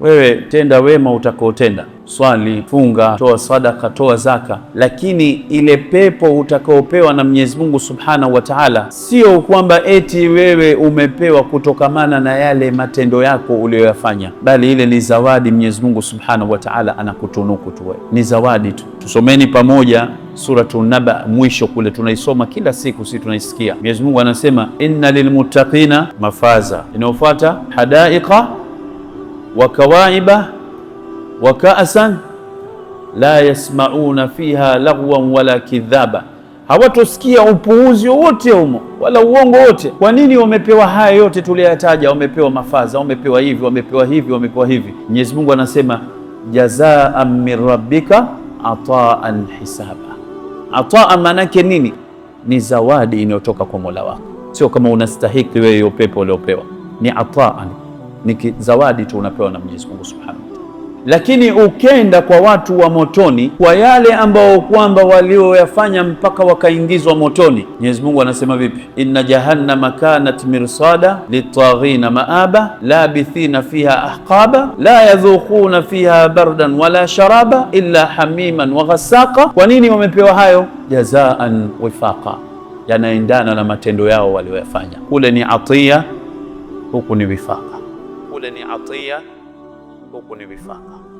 Wewe tenda wema utakaotenda, swali, funga, toa sadaka, toa zaka, lakini ile pepo utakaopewa na Mwenyezi Mungu Subhanahu wa Ta'ala sio kwamba eti wewe umepewa kutokamana na yale matendo yako uliyoyafanya, bali ile ni zawadi. Mwenyezi Mungu Subhanahu wa Ta'ala anakutunuku tu, wewe ni zawadi tu. Tusomeni pamoja Suratu Naba mwisho kule, tunaisoma kila siku, si tunaisikia. Mwenyezi Mungu anasema inna lilmuttaqina mafaza, inayofuata hadaika wa kawaiba wa kaasan la yasmauna fiha lagwan wala kidhaba, hawatosikia upuuzi wowote humo wala uongo wote. Kwa nini wamepewa haya yote tuliyoyataja? Wamepewa mafaza, wamepewa hivi, wamepewa hivi, wamepewa hivi. Mwenyezi Mungu anasema jazaa min rabbika ataan hisaba. Ataa maanake nini? Ni zawadi inayotoka kwa mola wako, sio kama unastahiki wewe hiyo pepo uliopewa, ni ataan ni zawadi tu unapewa na Mwenyezi Mungu Subhanahu wa Ta'ala. Lakini ukenda kwa watu wa motoni, kwa yale ambao kwamba walioyafanya mpaka wakaingizwa motoni, Mwenyezi Mungu anasema vipi? Inna jahannama kanat mirsada litaghina maaba labithina fiha ahqaba la yadhuquna fiha bardan wala sharaba illa hamiman wa ghasaqa. Kwa nini wamepewa hayo? Jazaan wifaqa, yanaendana na matendo yao walioyafanya. Kule ni atiya huku ni wifaqa kule ni atiya, huku ni vifaka.